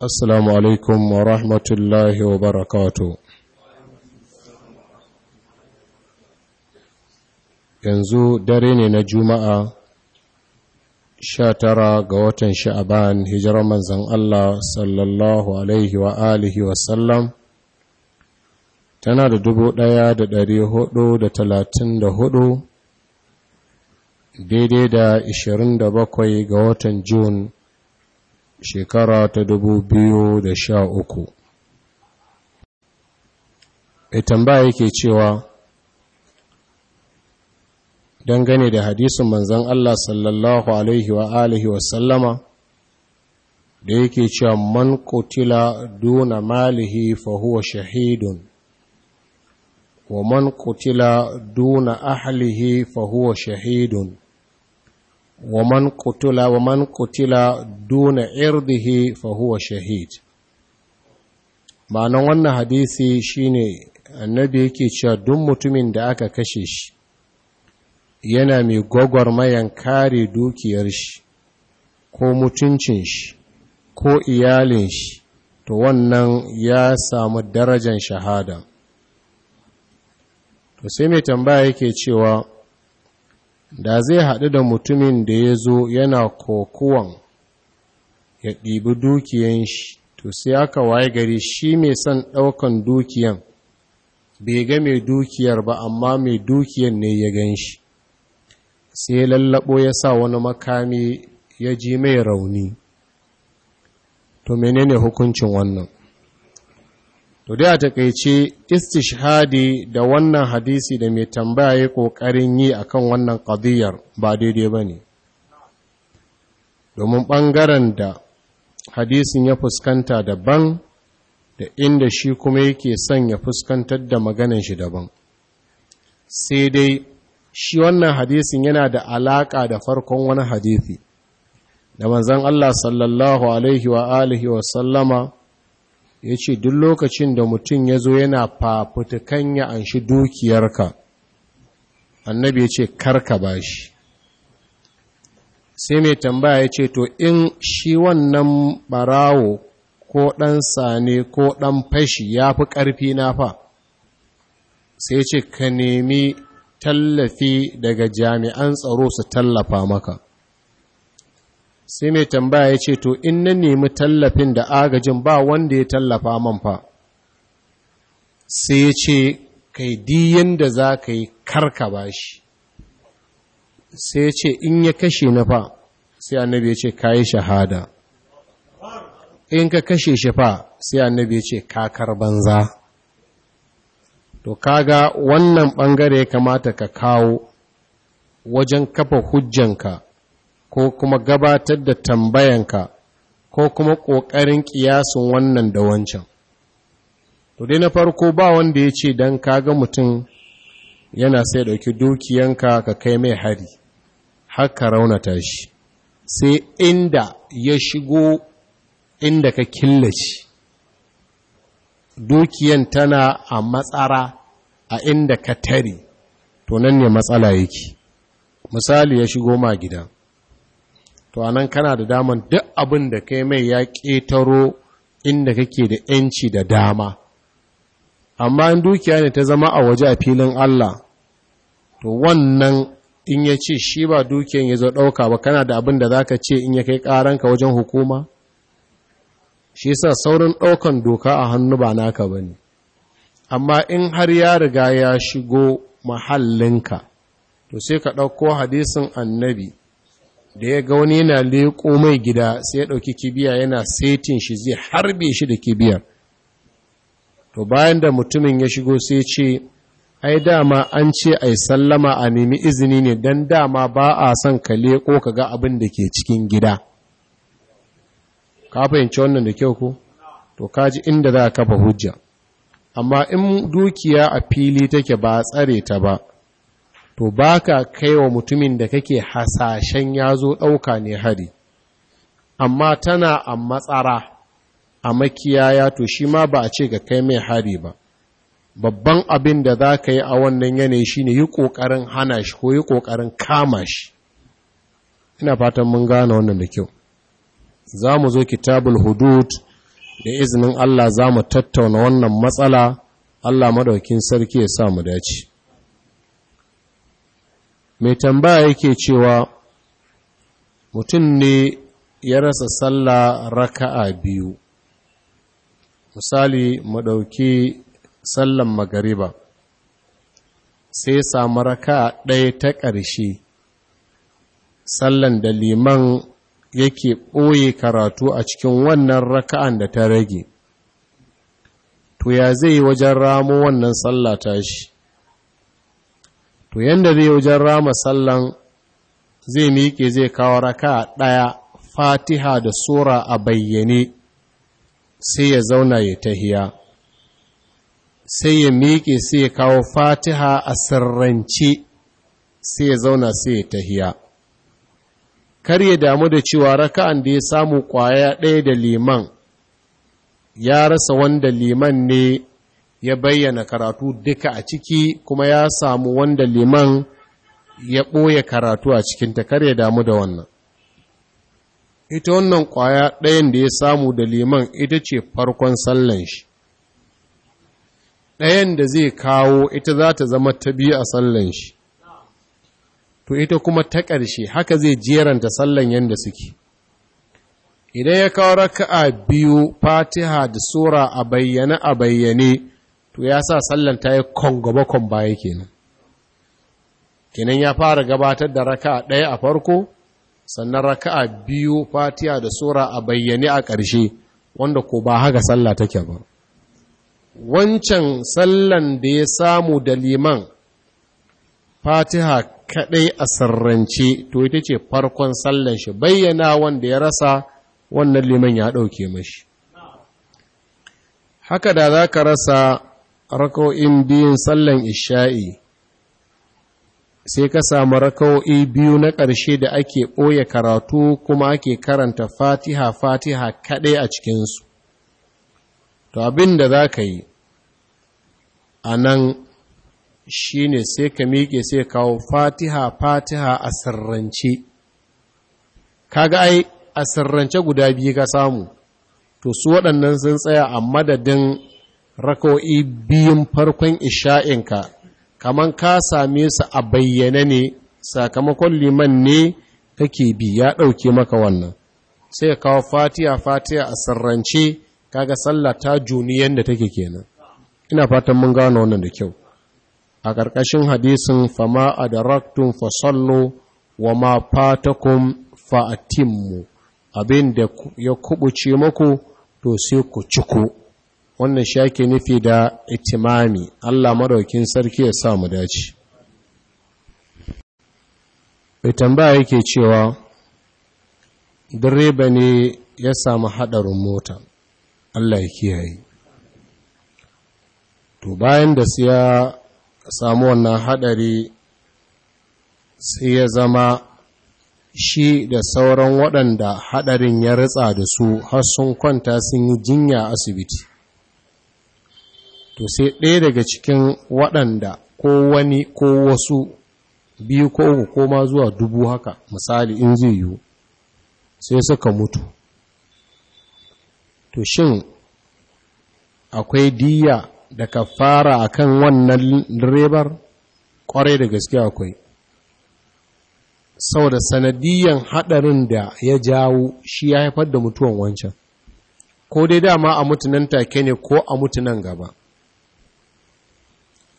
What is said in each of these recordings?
Assalamu alaikum wa rahmatullahi wa barakatu. Yanzu dare ne na Juma'a, sha tara ga watan sha'aban hijirar manzan Allah sallallahu Alaihi wa alihi tana da dubu ɗaya da ɗari hudu da talatin da hudu, daidai da ishirin da bakwai ga watan Jun shekara ta dubu biyu da sha uku. e yake cewa dangane da hadisin manzan Allah sallallahu alaihi wa alihi wa sallama da yake cewa man kutila duna malihi fa shahidun wa man kutila duna ahlihi fa huwa shahidun wa man kutila, wa man qutila duna irdihi fa huwa shahid ma'anan wannan hadisi shine annabi yake cewa duk mutumin da aka kashe shi yana mai gwagwarmayan kare dukiyar shi ko mutuncin shi ko iyalin shi to wannan ya samu darajar shahada to sai mai tambaya yake cewa da zai haɗu da mutumin da ya zo yana kokowan ya ɗibi dukiyan shi to sai aka waye gari shi mai son ɗaukan dukiyan bai ga mai dukiyar ba amma mai dukiyan ne ya gan shi sai lallaɓo ya sa wani makami ya ji mai rauni to menene hukuncin wannan to da takaice istishhadi da wannan hadisi da mai tambaya ya kokarin yi kan wannan qadiyar ba daidai bane domin bangaren da hadisin ya fuskanta daban da inda shi kuma yake son ya fuskantar da maganin shi daban sai dai shi wannan hadisin yana da alaka da farkon wani hadisi da manzon Allah sallallahu alaihi wa alihi wa sallama ya ce duk lokacin da mutum ya zo yana fafutukan ya an dukiyarka annabi ya ce karka ba shi sai mai tambaya ya ce to in shi wannan barawo ko ɗan sane ko ɗan fashi ya fi ƙarfi na fa sai ce ka nemi tallafi daga jami'an tsaro su tallafa maka sai mai tambaya ya ce to in na nemi tallafin da agajin ba wanda ya tallafa man fa sai ya ce kai diyan da za ka yi karka ba shi sai ya ce in ya kashe na fa sai annabi ya ce ka yi shahada in ka kashe shi fa sai annabi ya ce kakar banza to kaga wannan bangare ya kamata ka kawo wajen kafa hujjanka ko kuma gabatar da tambayanka ko kuma ƙoƙarin ƙiyasun wannan da wancan to dai na farko ba wanda ya ce don kaga mutum yana sai ɗauki dukiyanka ka kai mai hari haka raunata shi sai inda ya shigo inda ka killace dukiyan tana a matsara a inda ka tare to nan ne matsala yake misali ya shigo ma gidan. to anan kana da dama duk abin da kai mai ya ƙetaro inda kake da ‘yanci da dama amma in dukiya ne ta zama a waje a filin Allah to wannan in ya ce shi ba dukiyan ya zo ɗauka ba kana da abin da za ka ce in ya kai ƙaranka wajen hukuma shi sa saurin ɗaukan doka a hannu ba naka ba ne amma in har ya riga ya shigo mahallinka to sai ka ɗauko hadisin annabi da ya ga wani yana leƙo mai gida sai ya ɗauki kibiya yana setin shi zai harbe shi da kibiyar to bayan da mutumin ya shigo sai ce ai dama an ce ai sallama a nemi izini ne don dama ba a son ka leƙo ka ga abin da ke cikin gida ka fahimci wannan da kyau ko to kaji inda za ka kafa hujja amma in dukiya a fili take ba a tsare ta ba to ba ka kai wa mutumin da kake hasashen ya zo ɗauka ne hari amma tana a matsara a makiyaya to shi ma ba a ce ga kai mai hari ba babban abin da za ka yi a wannan yanayi shi ne yi ƙoƙarin hana shi ko yi ƙoƙarin kama shi ina fatan mun gane wannan da kyau za mu zo kitabul hudud da izinin Allah za mu tattauna wannan matsala Allah madaukin sarki ya sa mu dace mai tambaya yake cewa mutum ne ya rasa sallah raka'a biyu misali mu madauki sallan magariba sai ya samu raka'a ɗaya ta ƙarshe sallan da liman yake ɓoye karatu a cikin wannan raka'an da ta rage to ya zai yi wajen ramo wannan tsallata shi to yanda zai wajen rama sallan zai miƙe zai kawo raka ɗaya fatiha da sura a bayyane sai ya zauna ya tahiya sai ya miƙe sai ya kawo fatiha a sirrance sai ya zauna sai ya tahiya kar ya damu da cewa raka'an da ya samu ƙwaya ɗaya da liman ya rasa wanda liman ne ya bayyana karatu duka a ciki kuma ya samu wanda liman ya ɓoye karatu a cikinta kar ya damu da wannan ita wannan ƙwaya ɗayan da ya samu da liman ita ce farkon sallan shi ɗayan da zai kawo ita za ta zama ta biyu a sallan shi to ita kuma ta ƙarshe haka zai jeranta sallan yadda suke idan ya kawo raka'a biyu fatiha da sura a bayyane a bayyane to ya sa sallanta ya yi gaba kon baya kenan kenan ya fara gabatar da raka'a ɗaya a farko sannan raka a biyu fatiya da sura a bayyane a ƙarshe wanda ko ba haka sallah take ba wancan sallan da ya samu da liman fatiha kaɗai a sarrance to ita ce farkon sallan shi bayyana wanda ya rasa wannan liman ya ɗauke mashi haka da za ka rasa raka'o'in biyun sallan isha'i sai ka samu rakoi biyu na ƙarshe da ake ɓoye karatu kuma ake karanta fatiha fatiha kaɗai a cikinsu to abin da za ka yi a nan shi ne sai ka miƙe sai kawo fatiha fatiha a sirrance kaga ai a sirrance guda biyu ka samu to su waɗannan sun tsaya a madadin rako'i biyun farkon isha'inka kamar ka same su a bayyane ne sakamakon liman ne kake bi ya ɗauke maka wannan sai kawo fatiya fatiya a sarrance kaga sallah ta juni yadda take kenan ina fatan mun gano wannan da kyau a ƙarƙashin hadisin fama raktun fasallo wa ma fatakun fa'atinmu, abin da ya kubuce maku to sai ku ciko wannan shi ake nufi da itimami Allah maraukin sarki ya sa mu dace Bai tambaya yake cewa direba ne ya samu hadarin mota Allah ya kiyaye to bayan da su samu wannan hadari sai ya zama shi da sauran waɗanda hadarin ya ritsa da su har sun kwanta sun yi jinya asibiti to sai ɗaya daga cikin waɗanda ko wani ko wasu biyu ko uku ko ma zuwa dubu haka misali in zai yiwu sai suka mutu to shin akwai diya da kafara akan wannan direbar ƙwarai da gaske akwai saboda sanadiyan haɗarin da ya jawo shi ya haifar da mutuwan wancan ko dai dama a mutunan take ne ko a mutunan gaba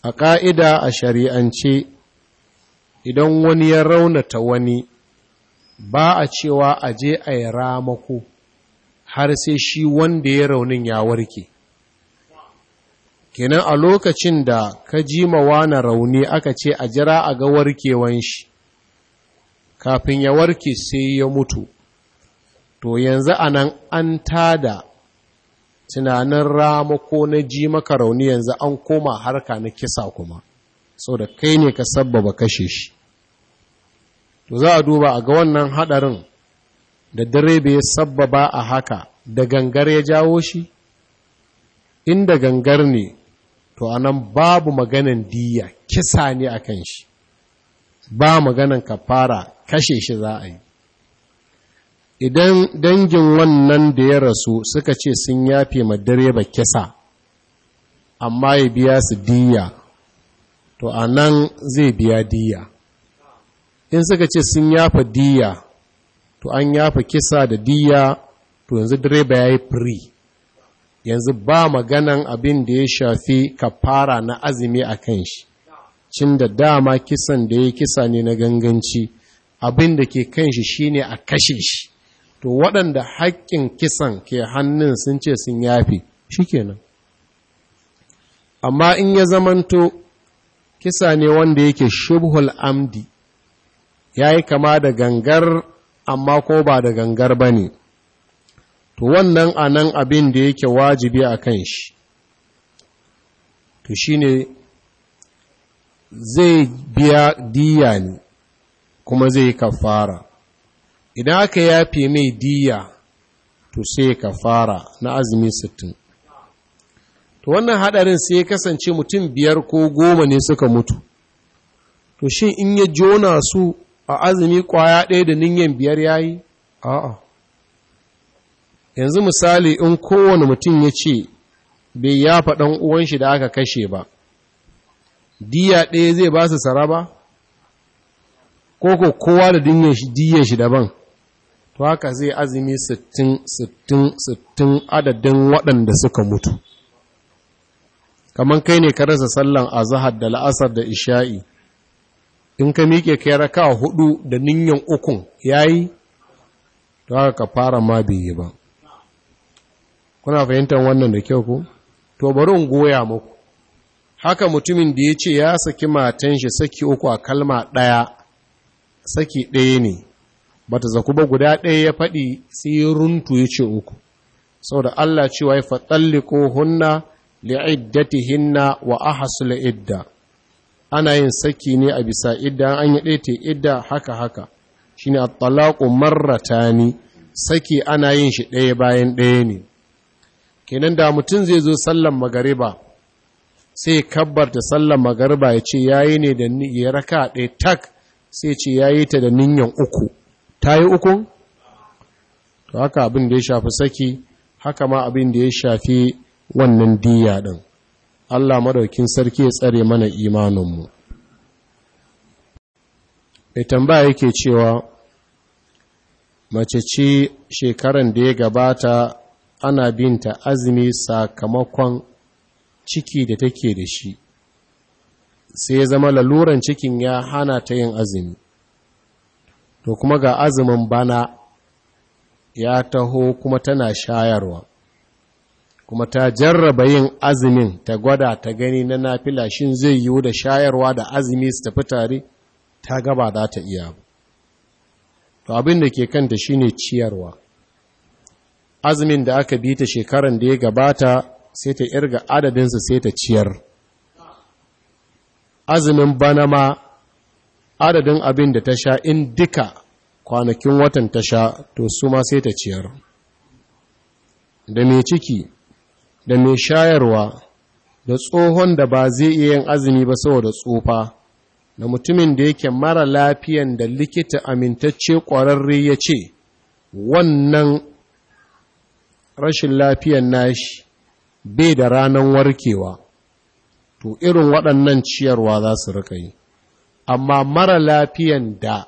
a ƙa'ida a shari'ance idan wani ya raunata wani ba a cewa a je a yi ramako har sai shi wanda ya raunin ya warke kenan a lokacin da ka ji na rauni aka ce a jira a ga warkewan shi kafin ya warke sai ya mutu to yanzu anan an tada tunanin rama ko na ji maka rauni yanzu an koma harka na kisa kuma sau da kai ne ka sabbaba kashe shi to za a duba a ga wannan hadarin da direba ya sabbaba a haka da gangar ya jawo shi inda gangar ne to anan babu maganan diya kisa ne a kan shi ba maganan fara kashe shi za a yi idan dangin wannan da ya rasu suka ce sun yafe ma direba kisa amma ya biya su diya to a nan zai biya diya in suka ce sun yafe diya to an yafe kisa da diya to yanzu direba ya yi firi yanzu ba maganan abin da ya shafi kafara na azumi a kan shi cin da dama kisan da ya kisa ne na ganganci abin da ke kan shi shine a kashe shi to waɗanda haƙƙin kisan ke hannun sun ce sun yafi, yafe nan, amma in ya zamanto kisa ne wanda yake shubhul amdi ya yi kama da gangar amma ko ba da gangar ba ne to wannan a abin da yake wajibi a kan shi to shi ne zai biya diya ne kuma zai yi kafara idan aka yafe mai diya to sai ka fara na azumi sittin to wannan hadarin sai ya kasance mutum biyar ko goma ne suka mutu to shin in ya jona su a azumi kwaya ɗaya da ninyan biyar ya yi a'a yanzu misali in kowane mutum ya ce bai ya ɗan uwan shi da aka kashe ba diya ɗaya zai ba su saraba ko ko kowa da diyan shi daban to haka zai azumi 60 60 60 adadin waɗanda suka mutu Kamar kai ne ka rasa sallan zahar da la'asar da isha'i in ka miƙe kai raka hudu da ninyan ukun ya yi, to haka ka fara ma biyu ba kuna fahimtar wannan da kyau ku. to bari in goya muku haka mutumin da ya ce ya saki matan shi saki uku a kalma ɗaya saki ɗaya ne ba ta zaku ba guda ɗaya ya faɗi tsiruntu ya ce uku saboda Allah cewa ya fatsalliko hunna hinna wa ahasula idda ana yin saki ne a bisa idda an yi ɗaya idda haka haka shine at-talaqu marratani saki ana yin shi ɗaya bayan ɗaya ne kenan da mutum zai zo sallan magariba sai kabbarta sallan magariba ya ce yayi ne da ya raka ɗaya tak sai ce yayi ta da ninyan uku ta yi ukun? to haka abin da ya shafi saki haka ma abin da ya shafi wannan diya ɗin Allah madaukin sarki ya tsare mana imaninmu mai tambaya yake cewa mace ce shekaran da ya gabata ana binta azumi sakamakon ciki da take da shi sai ya zama laluran cikin ya hana ta yin azumi to kuma ga azumin bana ya taho kuma tana shayarwa kuma ta jarraba yin azumin ta gwada ta gani na nafila shin zai yiwu da shayarwa da azumi su tafi tare ta gaba za ta iya to abin da ke kanta shine ciyarwa azumin da aka bi ta shekaran da ya gabata sai ta irga adadinsa sai ta ciyar azumin bana ma adadin abin da ta sha in duka kwanakin watan ta sha to su ma sai ta ciyar da mai ciki da mai shayarwa da tsohon da ba zai iya yin azumi ba saboda tsofa da mutumin da yake mara lafiyan da likita amintacce ƙwararre ya ce wannan rashin lafiyan nashi bai da ranar warkewa to irin waɗannan ciyarwa za su rika yi amma mara lafiyan da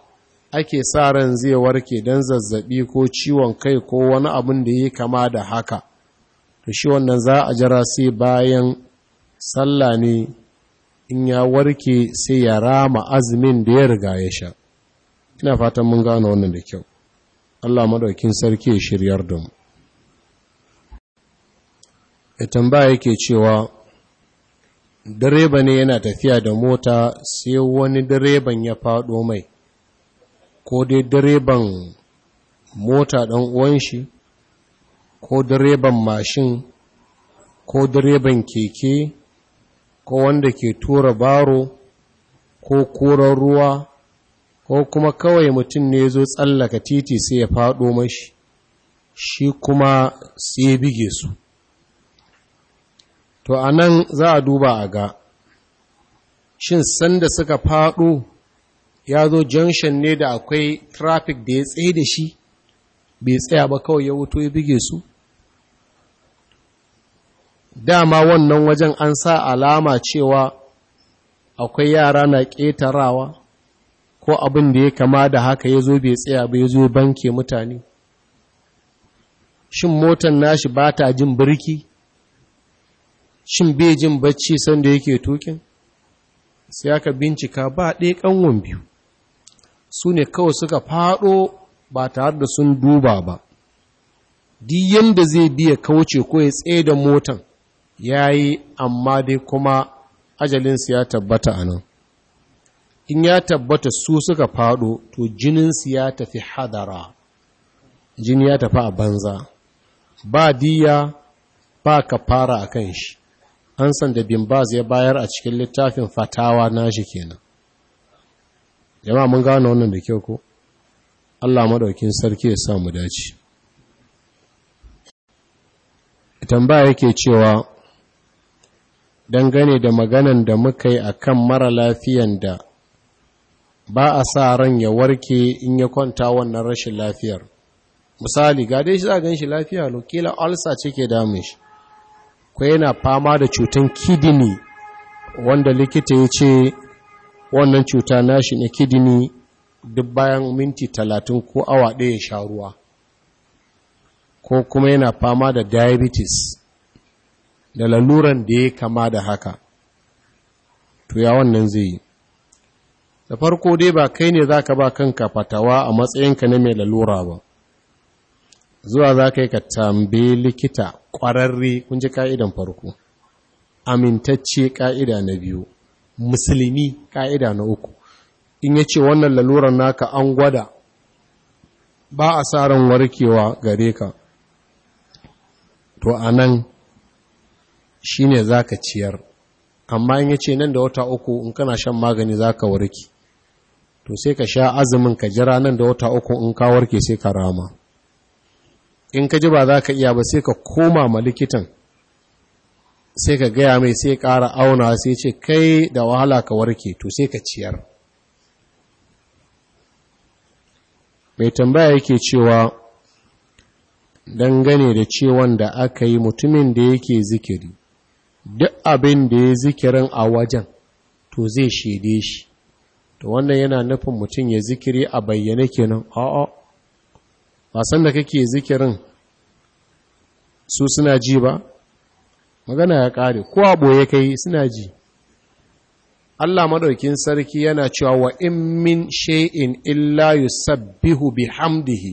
ake sa ran zai warke don zazzabi ko ciwon kai ko wani abin da ya kama da haka to shi wannan za a jira sai bayan sallah ne in ya warke sai ya rama azumin da ya riga ya sha ina fatan mun gano wannan da kyau Allah madaukin sarki ya shiryar da mu ya tambaya yake cewa direba ne yana tafiya da mota sai wani direban ya faɗo mai ko dai direban mota ɗan uwan shi ko direban mashin ko direban keke ko wanda ke tura baro ko koran ruwa ko kuma kawai mutum ne zo tsallaka titi sai ya faɗo mashi shi kuma sai ya bige su to a nan za a duba a ga shin sanda suka faɗo ya zo junction ne da akwai traffic da ya tsaye da shi bai tsaya ba kawai ya wuto ya bige su dama wannan wajen an sa alama cewa akwai yara na ƙetarawa ko abin da ya kama da haka ya zo bai tsaya ba ya zo banke mutane shin motar nashi ba ta jin birki shin bejin bacci sanda yake tukin sai aka bincika ba ɗaya ƙanwon biyu su ne kawai suka faɗo ba tare da sun duba ba Di yadda zai biya kauce ko ya tsaye da motan ya yi amma dai kuma ajalinsu ya tabbata a nan in ya tabbata su suka faɗo to jininsu ya tafi hadara jini ya tafi a banza ba diya ba ka fara a kan shi san da bin baz ya bayar a cikin littafin fatawa na shi kenan jama'a mun gano wannan da kyau ko Allah madaukin sarki ya sa mu dace tambaya yake cewa dangane da maganan da muka yi akan mara lafiyan da ba a sa ran ya warke in ya kwanta wannan rashin lafiyar misali ga dai shi za gan shi lafiya lokila ulcer ce ke damun shi ko yana fama da cutan kidini wanda likita ya ce wannan cuta nashi na kidini duk bayan minti talatin ko awa ɗaya sha ruwa ko kuma yana fama da diabetes da laluran da ya kama da haka to ya wannan zai yi da farko dai ba kai ne za ka ba kanka fatawa a matsayinka na mai lalura ba zuwa za ka yi ka tambayi likita ƙwararre kun ji ka'idan farko amintacce ƙa'ida na biyu musulmi ƙa'ida na uku in ya ce wannan lalurar naka an gwada ba a sa ran warkewa gare ka to a nan shi ne za ka ciyar amma in ya ce nan da wata uku in kana shan magani za ka warke to sai ka sha azumin ka jira nan da wata uku in ka warke sai ka rama in ka ji ba za ka iya ba sai ka koma ma likitan sai ka gaya mai sai ƙara auna sai ce kai da wahala ka warke to sai ka ciyar mai tambaya yake cewa dangane da ciwon da aka yi mutumin da yake zikiri duk abin da ya zikirin a wajen to zai shede shi to wannan yana nufin mutum ya zikiri a bayyane kenan a'a ba da kake zikirin su suna ji ba magana ya kare ko a ya kai suna ji Allah maɗaukin sarki yana cewa wa in min shay'in illa yusabbihu bihamdihi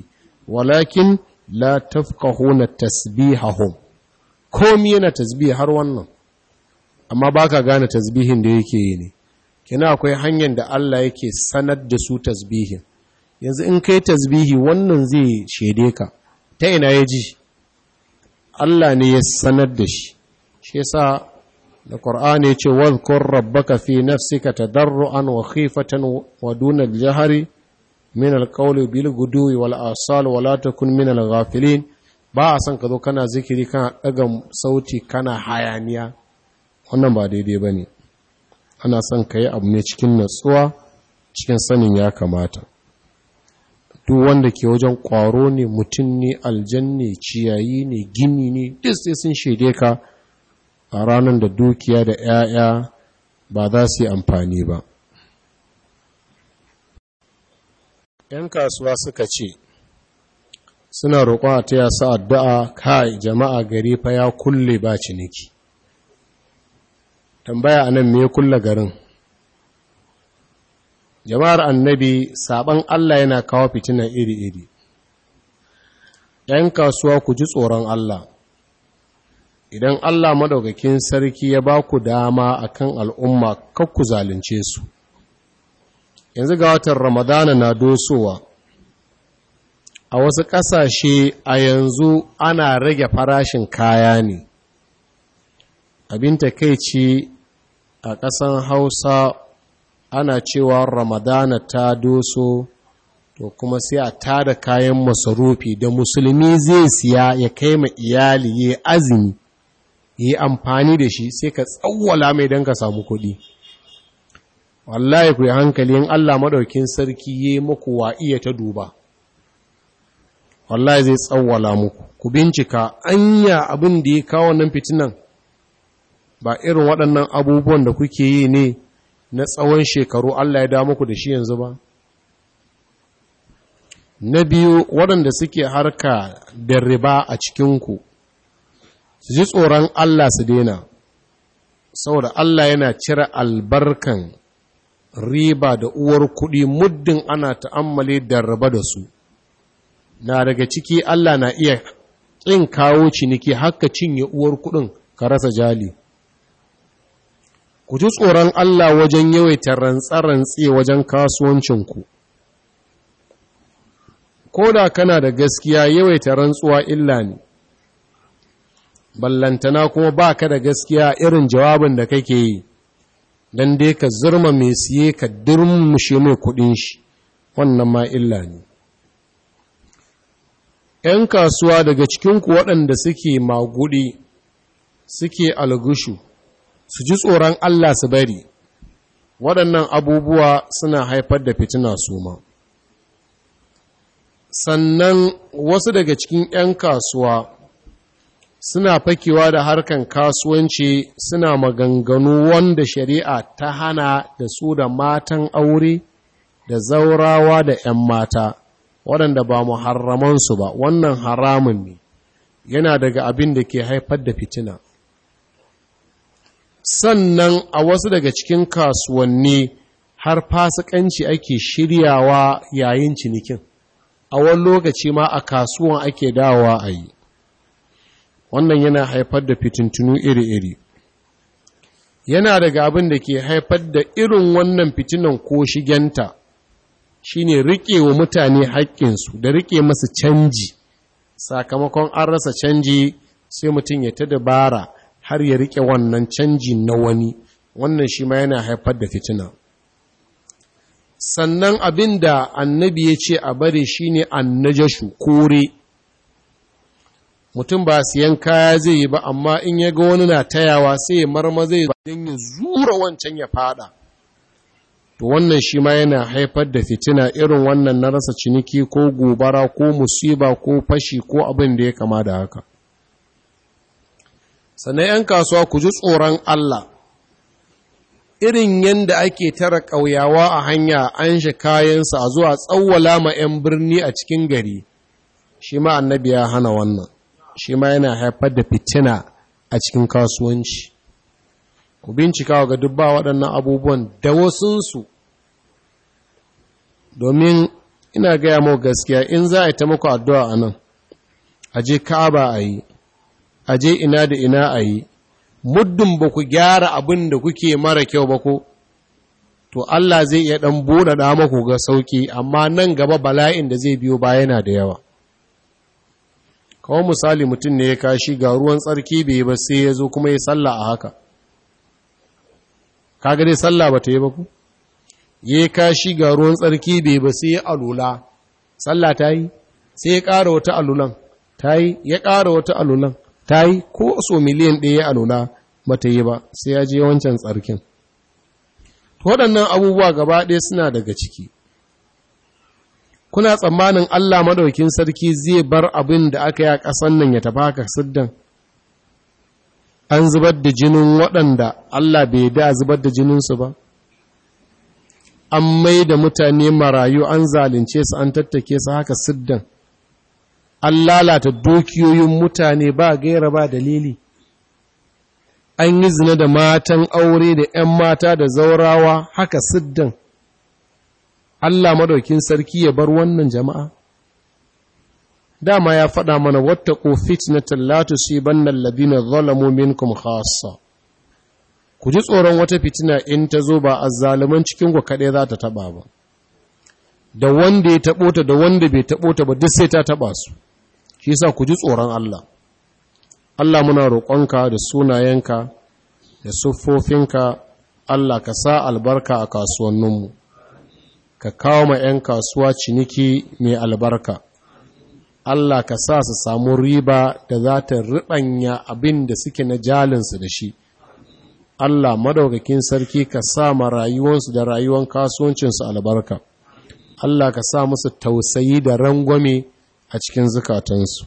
walakin la tafqahuna tasbihahum komi yana tasbihi har wannan amma baka gane tasbihin da yake yi ne kina akwai hanyar da Allah yake sanar da su tasbihin yanzu in kai tasbihi wannan zai shaide ka ta ina ya ji Allah ne ya sanar da shi shi yasa da Qur'ani yace wadhkur rabbaka fi nafsika tadarruan wa khifatan wa duna al-jahri min al-qawli bil gudwi wal asal wa la takun min al-ghafilin ba a san ka zo kana zikiri kana daga sauti kana hayaniya wannan ba daidai bane ana son ka yi abu ne cikin natsuwa cikin sanin ya kamata duk wanda ke wajen ƙwaro ne mutum ne aljan ne ciyayi ne gini ne duk sai sun shaide ka a ranar da dukiya da 'ya'ya ba za su yi amfani ba 'yan kasuwa suka ce suna roƙon a taya su addu'a kai jama'a gari fa ya kulle ba ciniki tambaya anan me ya kulle garin jama'ar annabi saban Allah yana kawo fitina iri-iri ‘yan kasuwa ku ji tsoron Allah idan Allah maɗaukakin sarki ya ba ku dama kan al'umma kakku zalunce su yanzu ga watan ramadana na dosowa a wasu ƙasashe a yanzu ana rage farashin kaya ne abin takaici a ƙasan hausa ana cewa ramadana ta doso to kuma sai a tada kayan masarufi da musulmi zai siya ya kai ma iyali ya azumi yi amfani da shi sai ka tsawwala mai don ka samu kuɗi wallahi ku yi hankali in Allah maɗaukin sarki ya yi muku wa iya ta duba wallahi zai tsawwala muku ku bincika anya abin da ya kawo nan fitinan ba irin waɗannan abubuwan da kuke yi ne na tsawon shekaru Allah ya damu ku da shi yanzu ba na biyu waɗanda suke harka da riba a cikinku su ji tsoron Allah su daina saboda Allah yana cire albarkan riba da uwar kuɗi muddin ana ta'ammali da raba da su na daga ciki Allah na iya ƙin kawo ciniki haka cinye uwar kuɗin ka rasa jali ku ji tsoron Allah wajen yawaita rantsarantse rantse wajen kasuwancinku ko da kana da gaskiya yawaita rantsuwa illa ne ballantana kuma ba ka da gaskiya irin jawabin da kake yi don dai ka zurma mai siye ka durmushe mai kudin shi wannan ma illa ne ‘yan kasuwa daga cikinku waɗanda suke maguɗi suke algushu su ji tsoron Allah su bari waɗannan abubuwa suna haifar da fitina su ma sannan wasu daga cikin 'yan kasuwa suna fakewa da harkan kasuwanci suna maganganu wanda shari'a ta hana da su da matan aure da zaurawa da 'yan mata waɗanda ba mu harramansu ba wannan haramun ne yana daga abin da ke haifar da fitina sannan a wasu daga cikin kasuwanni har fasikanci ake shiryawa yayin cinikin a wani lokaci ma a kasuwan ake dawa a yi wannan yana haifar da fitintunu iri-iri yana daga abin da ke haifar da irin wannan fitinan ko shigenta shine rike wa mutane haƙƙinsu da rike masu canji sakamakon an rasa canji sai mutum ya ta dabara har ya rike wannan canji na wani wannan shi ma yana haifar da fitina sannan abin da annabi ya ce a bare shi ne annajashu kore mutum ba siyan kaya zai yi ba amma in ya ga wani na tayawa sai ya marma zai don ya zura wancan ya fada to wannan shi ma yana haifar da fitina irin wannan na rasa ciniki ko gobara ko musiba ko fashi ko abin da ya kama da haka sannan 'yan kasuwa ku ji tsoron Allah irin yadda ake tara ƙauyawa a hanya an shi kayansa a zuwa tsawwala ma 'yan birni a cikin gari shi ma annabi ya hana wannan shi ma yana haifar da fitina a cikin kasuwanci ku bincika ga dubba waɗannan abubuwan da wasunsu domin ina gaya mau gaskiya in za a yi ta muku addu'a a nan a je ka'aba a yi a je ina da ina a yi muddin ba ku gyara abin da kuke mara kyau ba ko to Allah zai iya ɗan buɗaɗa ku ga sauƙi amma nan gaba bala'in da zai biyo ba yana da yawa kawai misali mutum ne ya kashi ga ruwan tsarki bai ba sai ya zo kuma ya sallah a haka Ka dai sallah ba ta yi ba ku ya kashi ga ruwan tsarki bai ba sai ya alula sallah ta yi sai ya ƙara wata alulan ta yi ya ƙara wata alulan ta yi ko so miliyan ɗaya ya anuna mata yi ba sai ya je wancan tsarkin waɗannan abubuwa gaba ɗaya suna daga ciki kuna tsammanin Allah Maɗaukin sarki zai bar abin da aka yi a ƙasan nan ya tafi haka siddan an zubar da jinin waɗanda Allah bai da zubar da jininsu ba an mai da mutane marayu an zalunce su an tattake su haka siddan an lalata dokiyoyin mutane ba gaira ba dalili an yi zina da matan aure da ‘yan mata da zaurawa haka siddin Allah madaukin sarki ya bar wannan jama'a dama ya faɗa mana wata ko fitnatan latusi bannan labina zalamu kuma ku ji tsoron wata fitina in ta zo ba a zaluman cikinku kaɗai za ta taɓa ba da wanda ya taɓo ta da wanda bai taɓo ta ba duk sai ta taɓa su shi sa ku ji tsoron Allah Allah muna roƙonka da sunayenka da siffofinka Allah ka sa albarka a kasuwanninmu ka kawo ma 'yan kasuwa ciniki mai albarka Allah ka sa su samu riba da za ta riɓanya abin da suke na jalinsu da shi Allah madaukakin sarki ka sa ma rayuwansu da rayuwan kasuwancinsu albarka Allah ka sa musu tausayi da rangwame a cikin zukatansu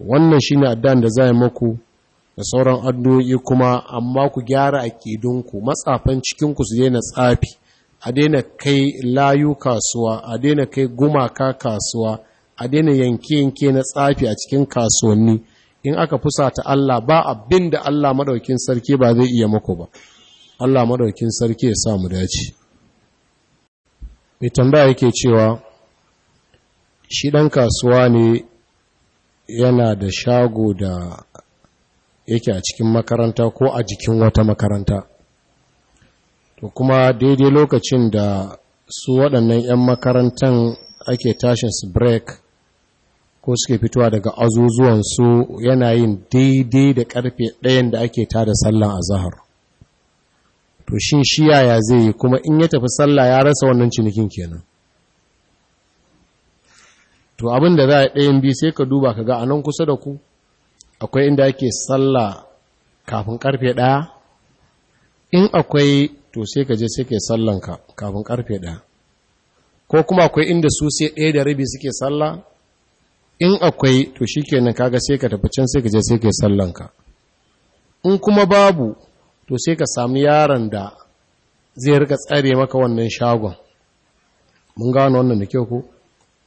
wannan shi ne addan da zai maku, da sauran addu'o'i kuma amma ku gyara a ƙidunku, matsafan cikinku su daina tsafi a daina kai layu kasuwa a daina kai gumaka kasuwa a daina yanke-yanke na tsafi a cikin kasuwanni in aka fusata Allah ba abin da Allah maɗaukin sarki ba zai iya muku ba Allah maɗaukin sarki ya samu dace mai tambaya yake cewa shi ɗan kasuwa ne yana da shago da yake a cikin makaranta ko a jikin wata makaranta to kuma daidai lokacin da su waɗannan 'yan makarantar ake tashin su break ko suke fitowa daga azuzuwansu yana yin daidai da karfe ɗayan da ake tada sallan zahar, to shi shi ya zai yi kuma in ya tafi sallah ya rasa wannan cinikin kenan to abin da za a ɗayan biyu sai ka duba ka ga a nan kusa da ku akwai inda ake sallah kafin karfe ɗaya in akwai to sai ka je sai ka sallan kafin karfe ɗaya ko kuma akwai inda su sai ɗaya da rabi suke sallah in akwai to shi kenan kaga sai ka tafi can sai ka je sai ka sallan ka in kuma babu to sai ka sami yaron da zai rika tsare maka wannan shagon mun gano wannan da kyau ko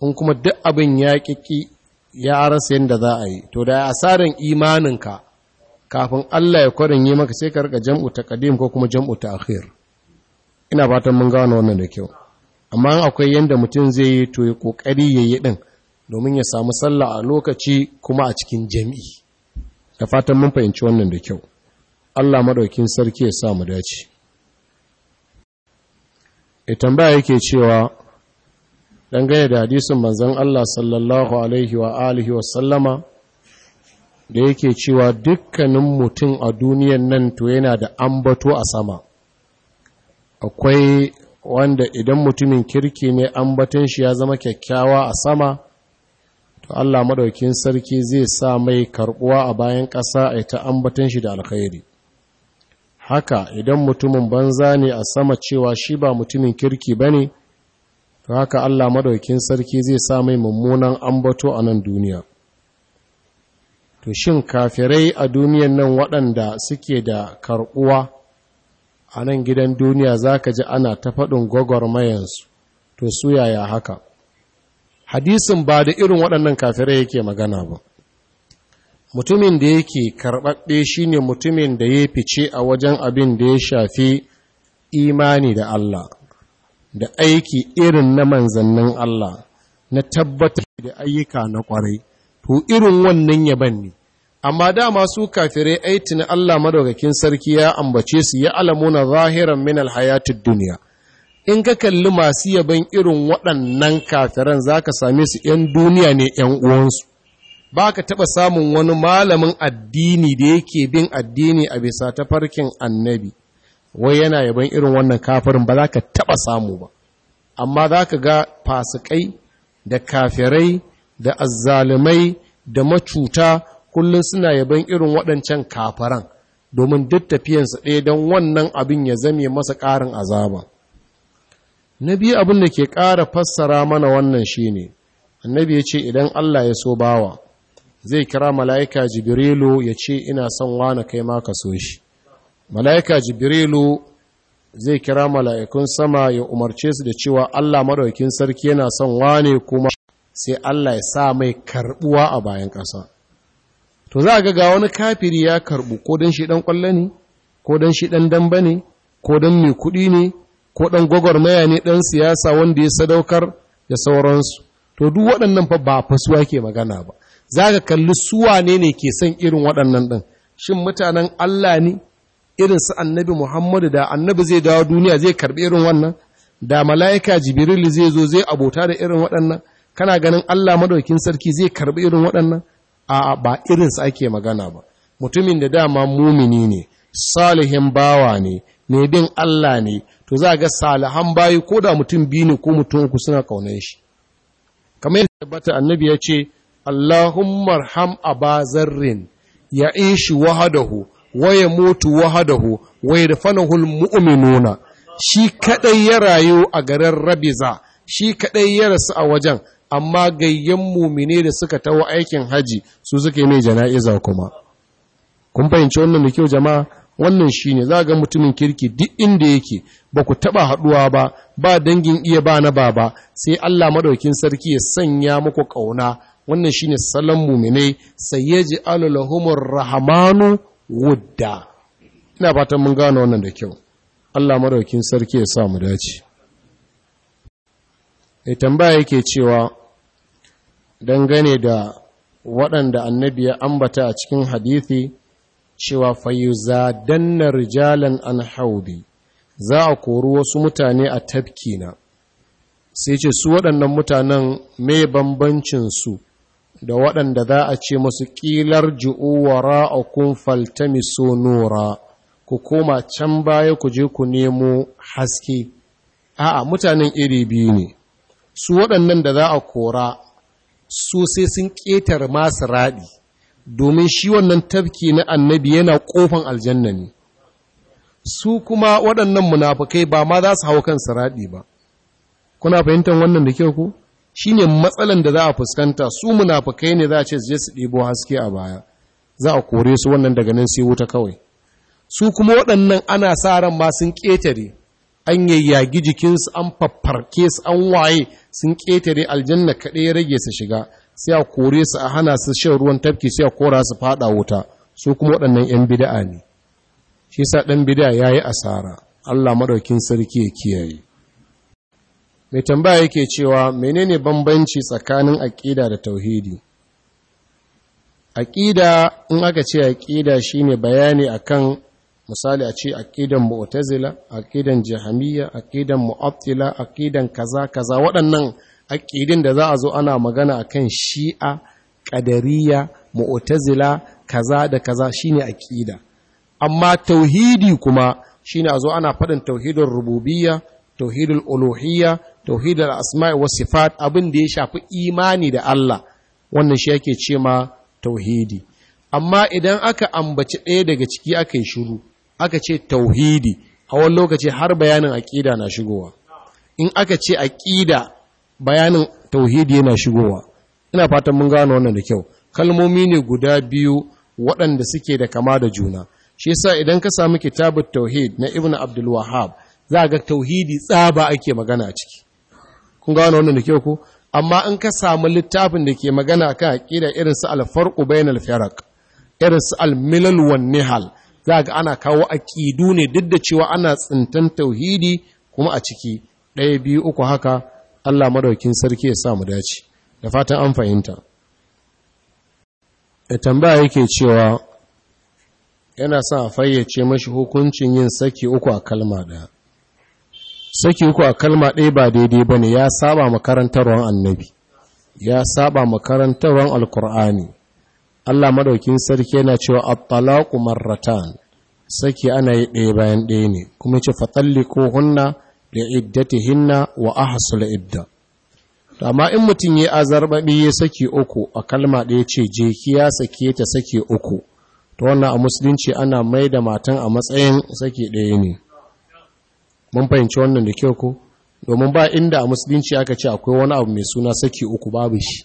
in kuma duk abin ya ƙiƙi ya rasa yadda za a yi to da asarin imaninka kafin Allah ya kwarin yi maka sai ka rika jam'u ta ƙadim ko kuma jam'u ta akhir ina fatan mun gano wannan da kyau amma akwai yadda mutum zai yi to ya ƙoƙari ya yi ɗin domin ya samu sallah a lokaci kuma a cikin jam'i da fatan mun fahimci wannan da kyau Allah maɗaukin sarki ya sa mu dace. E tambaya yake cewa dangane da hadisin manzon Allah sallallahu alaihi wa alihi wa sallama da yake cewa dukkanin mutum a duniyan nan to yana da ambato a sama akwai wanda idan mutumin kirki ne ambaton shi ya zama kyakkyawa a sama to Allah madaukin sarki zai sa mai karbuwa a bayan ƙasa a ta ambaton shi da alkhairi haka idan mutumin banza ne a sama cewa shi ba mutumin kirki bane to haka Allah madaukin sarki zai sa mai mummunan ambato a nan duniya to shin kafirai a duniyan nan waɗanda suke da karɓuwa a nan gidan duniya zaka ji ana ta faɗin gwagwarmayansu to su yaya haka hadisin ba da irin waɗannan kafirai yake magana ba mutumin da yake karɓaɓɓe shine mutumin da ya fice a wajen abin da ya shafi imani da Allah da aiki irin na manzannin Allah na tabbatar da ayyuka na kwarai to irin wannan yaban ne amma dama su kafirai aitin Allah madaukakin sarki ya ambace su ya alamuna zahiran min alhayatid duniya in ka kalli masu yaban irin waɗannan kafiran zaka same su 'yan duniya ne 'yan uwansu ba ka taɓa samun wani malamin addini da yake bin addini a bisa ta tafarkin annabi wai yana yaban irin wannan kafirin ba za ka taɓa samu ba amma za ka ga fasikai da kafirai da azzalumai da macuta kullum suna yaban irin waɗancan kafiran domin duk tafiyansa ɗaya don wannan abin ya zame masa ƙarin azaba na biyu abin da ke ƙara fassara mana wannan shi ne annabi ya ce idan allah ya so bawa zai kira mala'ika jibrilu ya ce ina son wane kai ma ka so shi mala'ika jibrilu zai kira mala'ikun sama ya umarce su da cewa Allah maɗaukin sarki yana son wane kuma sai Allah ya sa mai karbuwa a bayan ƙasa. To za a ga wani kafiri ya karɓu ko don shi ɗan ƙwallo ne, ko don shi ɗan damba ne, ko don mai kuɗi ne, ko ɗan gwagwarmaya ne ɗan siyasa wanda ya sadaukar da sauransu. To duk waɗannan fa ba fasuwa ke magana ba. Za ka kalli suwa ne ne ke son irin waɗannan ɗin. Shin mutanen Allah ne? irin su annabi Muhammadu da annabi zai dawo duniya zai karbi irin wannan da mala'ika Jibril zai zo zai abota da irin waɗannan kana ganin Allah madaukin sarki zai karbi irin waɗannan a ba irin su ake magana ba mutumin da dama mumini ne salihin bawa ne mai bin Allah ne to za ga salihan bayi ko da mutum biyu ne ko mutum uku suna kaunan shi kamar yadda tabbata annabi ya ce Allahumma arham aba zarrin ya ishi wahadahu waya mutu wahadahu waya dafanahul mu'minuna shi kadai ya rayu a garin Rabiza shi kadai ya rasu a wajen amma gayyen mumine da suka tawo aikin haji su suke mai jana'iza kuma kun fahimci wannan da kyau jama'a wannan shine za ga mutumin kirki duk inda yake ba ku taba haɗuwa ba ba dangin iya ba na baba sai Allah maɗaukin sarki ya sanya muku ƙauna wannan shine salon mumine sayyaji alulahumur rahamanu wudda ina fatan mun gano wannan da kyau Allah madaukin sarki ya sa mu dace e tambaya yake cewa dangane da waɗanda annabi ya ambata a cikin hadithi cewa fayuza danna rijalan an haudi za a kori wasu mutane a tafkina sai ce su waɗannan mutanen mai bambancin su da waɗanda za a ce masu ƙilar ju'uwara a kun faltami nura, ku koma can baya ku je ku nemo haske a'a mutanen iri biyu ne su waɗannan da za a kora su sai sun ƙetar masu raɗi domin shi wannan tafki na annabi yana ƙofan aljanna ne su kuma waɗannan munafukai ba ma za su hau kan raɗi ba kuna fahimtar wannan da kyau ku Shi ne matsalan da za a fuskanta su munafukai ne za a ce je su ɗebo haske a baya za a kore su wannan daga nan sai wuta kawai su kuma waɗannan ana sa ran ma sun ƙetare an yayyagi jikinsu an faffarke su an waye sun ƙetare aljanna kaɗai ya rage su shiga sai a kore su a hana su shan ruwan tafki sai a kora su faɗa wuta su kuma waɗannan 'yan bida'a ne shi sa ɗan bida'a ya yi asara allah maɗaukin sarki ya kiyaye mai tambaya yake cewa menene bambanci tsakanin aƙida da tauhidi aƙida in aka ce aƙida shine bayani akan misali a ce aƙidan mu'tazila aƙidan jahamiyya aƙidan mu'attila aƙidan kaza kaza waɗannan aƙidin da za a zo ana magana akan shi'a ƙadariya mu'tazila kaza da kaza shine aƙida amma tauhidi kuma shine a zo ana faɗin tauhidin rububiyya tauhidul uluhiyya Tauhidin asma'i wa sifat abin da ya shafi imani da Allah wannan shi yake ce ma tauhidi amma idan aka ambaci ɗaya daga ciki aka yi shuru, aka ce tauhidi a wani lokaci har bayanin aƙida na shigowa in aka ce aƙida bayanin tauhidi yana shigowa ina fatan mun gano wannan da kyau kalmomi ne guda biyu waɗanda suke da kama da juna shi yasa idan ka sami kitabut tauhid na ibnu abdul za a ga tauhidi tsaba ake magana a ciki kun gano wannan da kyau ku. amma in ka samu littafin da ke magana kan aqida irin su al-farqu bainal firaq irin su al wan nihal za ga ana kawo aqidu ne duk da cewa ana tsintan tauhidi kuma a ciki ɗaya biyu uku haka Allah madaukin sarki ya sa mu dace da fatan an fahimta da tambaya yake cewa yana sa fayyace mashi hukuncin yin saki uku a kalma ɗaya saki uku a kalma ɗaya ba daidai ba ne ya saba makarantarwar annabi ya saba makarantarwar alkur'ani Allah maɗaukin sarki yana cewa at marratan saki ana yi ɗaya bayan ɗaya ne kuma ce ko hunna da hinna wa ahsul idda amma in mutum ya azarbabi ya saki uku a kalma ɗaya ce je ya sake ta saki uku to wannan a musulunci ana mai da matan a matsayin saki ɗaya ne mun fahimci wannan da kyau ko domin ba inda a musulunci aka ce akwai wani abu mai suna saki uku babu shi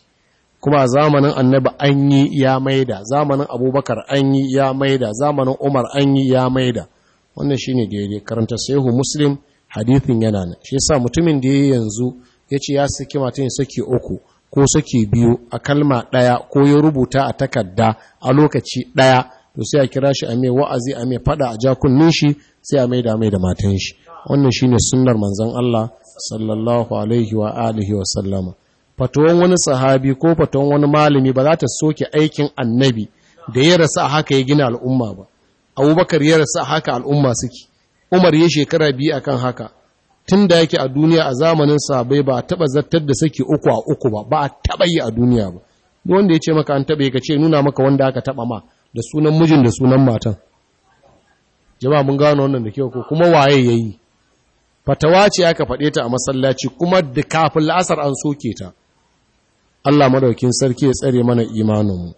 kuma a zamanin annaba an yi ya maida zamanin abubakar an yi ya maida zamanin umar an yi ya maida wannan shi ne daidai karanta sahihu muslim hadithin yana nan shi yasa mutumin da ya yanzu ya ce ya saki matan saki uku ko saki biyu a kalma ɗaya ko ya rubuta a takarda a lokaci ɗaya to sai a kira shi a mai wa'azi a mai fada a jakunnin shi sai a maida mai da matan shi wannan shi ne sunnar manzan Allah sallallahu alaihi wa alihi wa sallama wani sahabi ko fatawan wani malami ba za ta soke aikin annabi da ya rasa a haka ya gina al'umma ba abubakar ya rasa a haka al'umma suke umar ya shekara biyu a kan haka tun da yake a duniya a zamanin sabai ba a taba zartar da saki uku a uku ba ba a taba yi a duniya ba wanda ya ce maka an taba yi ka ce nuna maka wanda aka taba ma da sunan mijin da sunan matan jama'a mun gano wannan da kyau ko kuma waye yayi fatawa ce aka faɗe ta a masallaci kuma da kafin la'asar an soke ta Allah madaukin sarki ya tsare mana imaninmu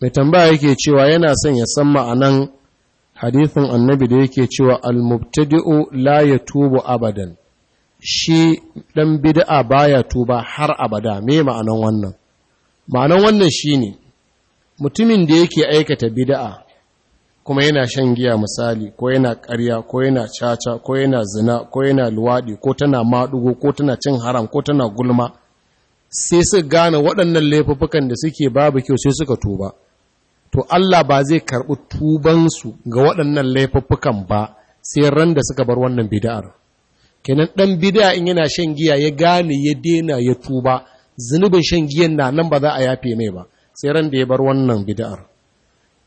mai tambaya yake cewa yana son ya san ma'anan hadithin annabi da yake cewa al-mubtadi'u la yatubu abadan shi dan bid'a baya tuba har abada me ma'anan wannan ma'anan wannan shine mutumin da yake aikata bid'a kuma yana shan giya misali ko yana ƙarya ko yana caca ko yana zina ko yana luwaɗi ko tana maɗugo ko tana cin haram ko tana gulma sai su gane waɗannan laifuffukan da suke babu kyau sai suka tuba to Allah ba zai karɓi tubansu ga waɗannan laifuffukan ba sai ran da suka bar wannan bid'ar kenan ɗan bid'a in yana shan giya ya gane ya dena ya tuba zunubin shan giyan na nan ba za a yafe mai ba sai ran da ya bar wannan bid'ar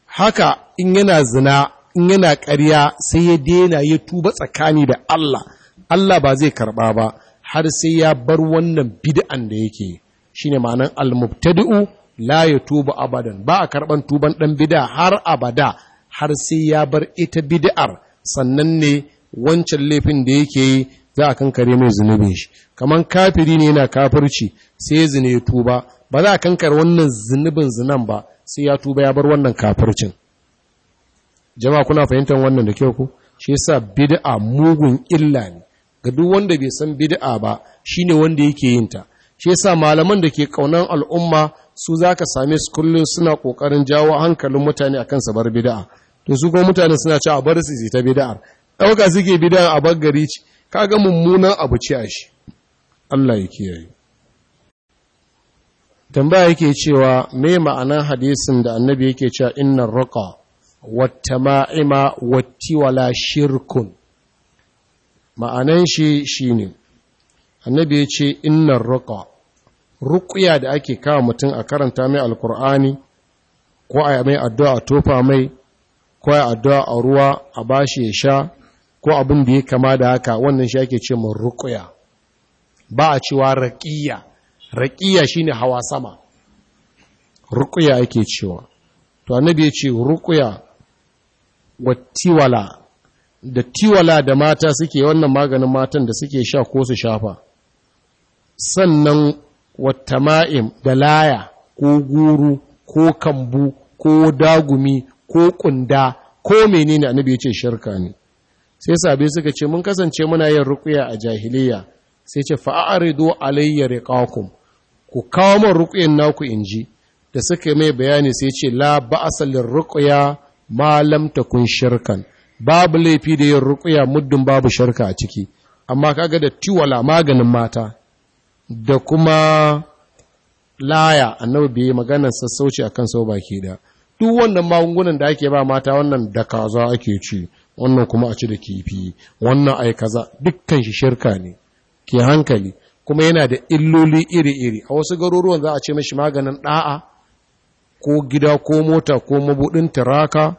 haka in yana zina in yana ƙarya sai ya dena ya tuba tsakani da Allah Allah ba zai karɓa ba har sai ya bar wannan bid'an da yake shine ma'anar al-mubtadi'u la tuba abadan ba a karɓan tuban ɗan bid'a har abada har sai ya bar ita bid'ar sannan ne wancan laifin da yake yi za a kankare mai zunubin shi kamar kafiri ne yana kafirci sai zina ya tuba ba za a kankare wannan zunubin zinan ba sai ya tuba ya bar wannan kafircin jama'a kuna fahimtar wannan da kyau ku shi yasa bid'a mugun illa ne ga duk wanda bai san bid'a ba shine wanda yake yin ta shi yasa malaman da ke kaunan al'umma su zaka same su kullun suna kokarin jawo hankalin mutane akan su bar bid'a to su ga mutane suna ci a bar su ta bid'ar dauka suke bid'a a bar gari ci kaga mummunan abu ce a shi Allah ya kiyaye tambaya yake cewa mai ma'anan hadisin da annabi yake cewa innar ruqa wata ma'ima wala shirkun ma'anan shi ne annabi ya ce innar ruqa ruqya da ake kawo mutum a karanta mai alkur'ani ko a mai addu'a a tofa mai ko a addu'a a ruwa a bashi ya sha ko abin da ya kama da haka wannan shi ake ce mun ruqya ba a cewa raqiya raƙiya shine hawa sama rukuya ake cewa to annabi ya ce ruƙuya wa tiwala da tiwala da mata suke wannan maganin matan da suke sha ko su shafa sannan wata ma'im da laya ko guru ko kambu ko dagumi ko kunda ko menene annabi ya ce shirka ne sai sabe suka ce mun kasance muna yin rukuya a jahiliya sai ce fa'aridu alayya riqakum ku kawo min ruqyan naku ji da suka mai bayani sai ce la asalin ruqya ma lam kun shirkan babu laifi da yin rukuya muddin babu shirka a ciki amma kaga da tiwala maganin mata da kuma laya annabi bai maganar sassauci akan sau baki da duk wannan magungunan da ake ba mata wannan da kaza ake ci wannan kuma a ci da kifi wannan ai kaza dukkan shi shirka ne ke hankali kuma yana da illoli iri-iri a wasu garuruwan za a ce mashi maganin ɗa'a ko gida ko mota ko mabudin turaka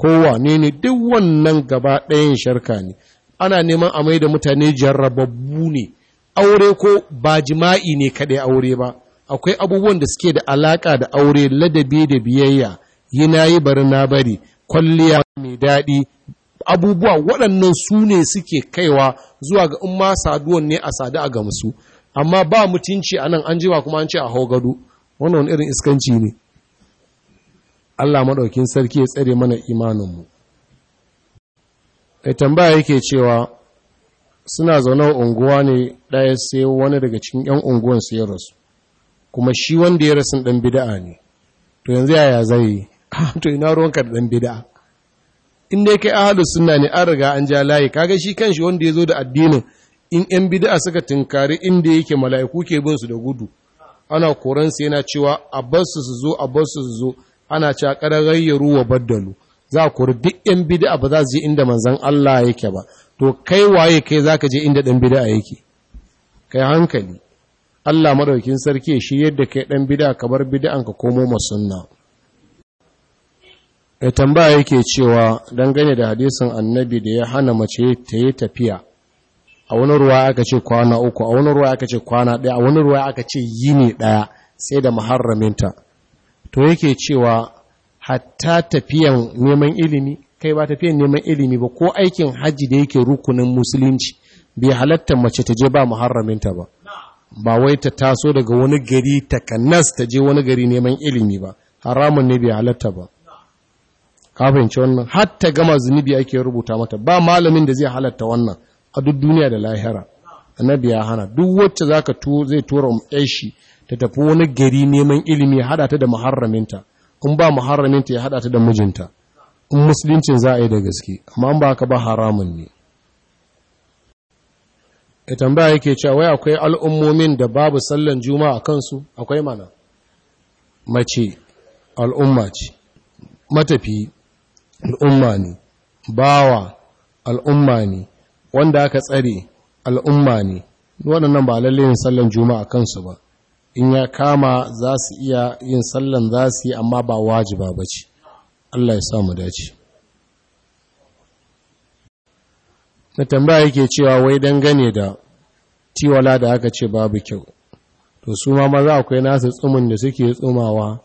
ko wane ne duk wannan gaba ɗayan sharka ne ana neman a mai da mutane jarrababbu ne aure ko ba jima'i ne kaɗai aure ba akwai abubuwan da suke da alaƙa da aure ladabi da biyayya yi na yi bari na bari kwalliya mai daɗi abubuwa waɗannan su ne suke kaiwa zuwa ga in ma saduwan ne a sadu a gamsu amma ba mutunci a nan an jima kuma an ce a hau gado wannan irin iskanci ne Allah maɗaukin sarki ya tsare mana imaninmu ai tambaya yake cewa suna zaune unguwa ne ɗaya sai wani daga cikin 'yan unguwan su ya rasu kuma shi wanda ya rasu ɗan bida'a ne to yanzu yaya zai yi to ina ruwanka da ɗan bida'a in dai kai ahlu sunna ne an riga an ja layi kaga shi kanshi wanda ya zo da addinin in yan bid'a suka tunkari inda yake mala'iku ke bin su da gudu ana koran sai yana cewa a bar su su zo a bar su su zo ana cewa gayyaru wa baddalu za a kori duk yan bid'a ba za su je inda manzon Allah yake ba to kai waye kai zaka je inda dan bid'a yake kai hankali Allah madaukin sarki shi yadda kai dan bid'a kamar bid'an ka komo masunna ya tambaya yake cewa dangane da hadisin annabi da ya hana mace ta yi tafiya a wani ruwa aka ce kwana uku a wani ruwa aka ce kwana ɗaya a wani ruwa aka ce yini ɗaya sai da maharraminta to yake cewa hatta tafiyan neman ilimi kai ba tafiyan neman ilimi ba ko aikin hajji da yake rukunin musulunci bai halatta mace ta je ba maharraminta ba ba wai ta taso daga wani gari ta kannas ta je wani gari neman ilimi ba haramun ne bai halatta ba ka fahimci wannan hatta gama zunubi ake rubuta mata ba malamin da zai halatta wannan a duk duniya da lahira annabi ya hana duk wacce zaka tuwo zai tura um shi ta tafi wani gari neman ilimi ya hada da muharraminta in ba muharraminta ya hada ta da mijinta in musuluncin za a yi da gaske amma ba ka ba haramun ne da e, tambaya yake cewa wai akwai al'ummomin da babu sallan juma'a a kansu akwai mana mace al'umma matafi al'umma ne bawa al'umma ne wanda aka tsare al'umma ne waɗannan ba lalle yin sallan juma'a kansu ba in ya kama za su iya yin sallan za su yi amma ba wajiba ba ce Allah ya sa mu dace na tambaya yake cewa wai dangane da tiwala da aka ce babu kyau to su ma maza akwai nasu tsumin da suke tsumawa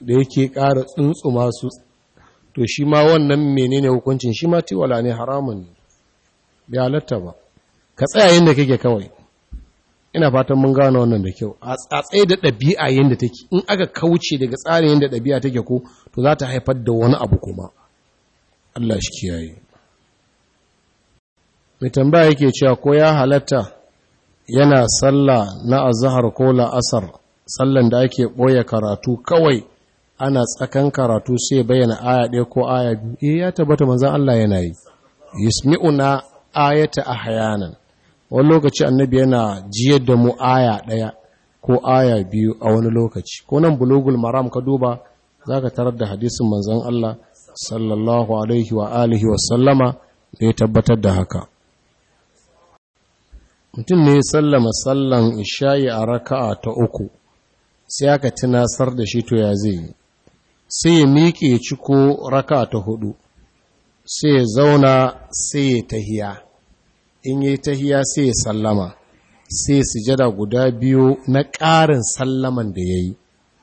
da yake ƙara tsuntsuma su to shi ma wannan menene hukuncin shi ma tiwala ne haramun ne ya ba ka tsaya yadda kake kawai ina fatan mun gane wannan da kyau a tsaye da ɗabi'a yadda take in aka kauce daga tsarin yadda ɗabi'a take ko to za ta haifar da wani abu kuma Allah shi kiyaye mai tambaya yake cewa ko ya halatta yana sallah na azahar ko la'asar sallan da ake ɓoye karatu kawai ana tsakan karatu sai bayyana aya ɗaya ko aya biyu eh ya tabbata manzon Allah yana yi yusmi'una ayata ahyanan wani lokaci annabi yana jiyar da mu aya ɗaya ko aya biyu a wani lokaci ko nan bulugul maram ka duba zaka tarar da hadisin manzon Allah sallallahu alaihi wa alihi wa sallama da tabbatar da haka mutum ne sallama sallan isha'i a raka'a ta uku sai aka tunasar da shi to ya zai sai ya miƙe ko raka ta hudu sai ya zauna sai ya tahiya in yi tahiya sai ya sallama sai sujada guda biyu na ƙarin sallaman da ya yi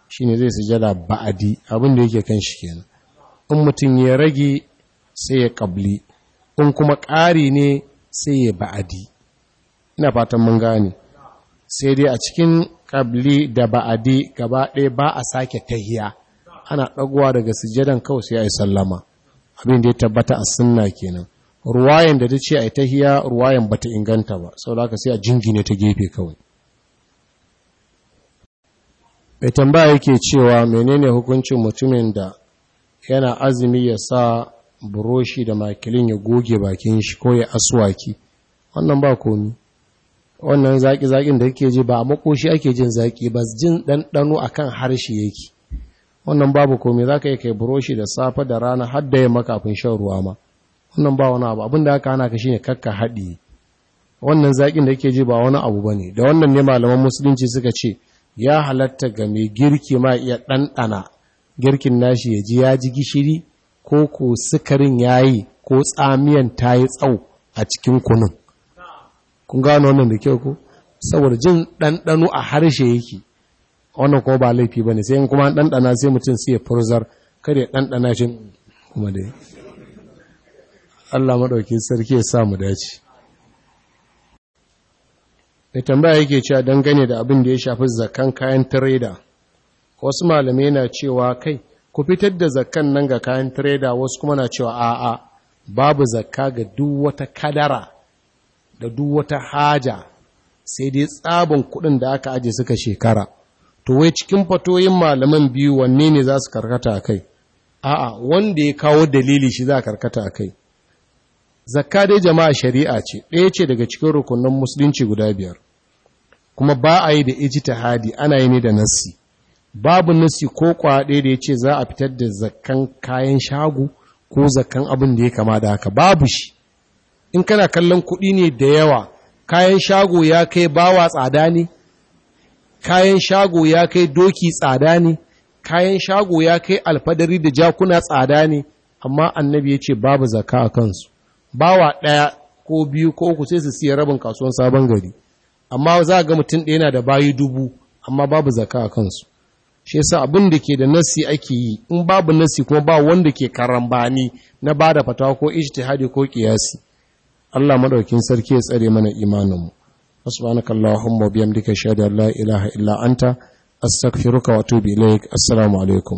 shi ne zai sujada ba'adi abinda yake kan shi kenan in mutum ya rage sai ya ƙabli in kuma ƙari ne sai ya ba'adi ina fatan mun gane sai dai a cikin ƙabli da ba'adi gaba ɗaya ba a sake tahiya ana ɗaguwa daga sujadan kawai sai a yi sallama abin da ya tabbata a sunna kenan ruwayan da ta ce a yi tahiya ruwayan ba ta inganta ba sau da aka sai a jingine ta gefe kawai mai tambaya yake cewa menene hukuncin mutumin da yana azumi ya sa buroshi da makilin ya goge bakin shi ko ya aswaki wannan ba komi wannan zaki-zakin da yake ji ba a makoshi ake jin zaki ba jin ɗanɗano a kan harshe yake wannan babu komai za ka yi kai buroshi da safe da rana har da yamma kafin shan ruwa ma wannan ba wani abu abinda da aka hana ka shine kakka haɗi wannan zaƙin da kake ji ba wani abu ba ne. da wannan ne malaman musulunci suka ce ya halatta ga mai girki ma iya ɗanɗana girkin nashi ya ji ya ji gishiri ko ko sukarin yi, ko tsamiyan ta yi tsau a cikin kunun kun gano wannan da kyau ko saboda jin ɗanɗano a harshe yake wannan ko ba laifi bane sai in kuma ɗanɗana sai mutum sai ya furzar kada ya ɗanɗana shi kuma dai Allah maɗauki sarki ya sa mu dace da tambaya yake cewa dangane da abin da ya shafi zakan kayan tireda wasu malamai na cewa kai ku fitar da zakan nan ga kayan tireda wasu kuma na cewa a'a babu zakka ga duk wata kadara da duk wata haja sai dai tsabin kuɗin da aka aje suka shekara to wai cikin fatoyin malaman biyu wanne ne za su karkata a kai a'a wanda ya kawo dalili shi za karkata a kai zakka dai jama'a shari'a ce ɗaya ce daga cikin rukunin musulunci guda biyar kuma ba a yi da ijtihadi ana yi ne da nassi babu nassi ko kwaɗe da ya ce za a fitar da zakkan kayan shago ko zakkan abin da ya kama da haka babu shi in kana kallon kuɗi ne da yawa kayan shago ya kai bawa tsada ne kayan shago ya kai doki tsada ne kayan shago ya kai alfadari da jakuna tsada ne amma annabi ya ce babu zaka a kansu bawa ɗaya ko biyu ko uku sai su siya rabin kasuwan sabon gari amma za a ga mutum ɗaya na da bayi dubu amma babu zaka a kansu shi yasa abin da ke da nasi ake yi in babu nasi kuma ba wanda ke karambani na ba da fatawa ko ijtihadi ko kiyasi Allah madaukin sarki ya tsare mana imaninmu subhanaka allahumma wa bihamdika ashhadu an la ilaha illa anta astaghfiruka wa atubu assalamu alaikum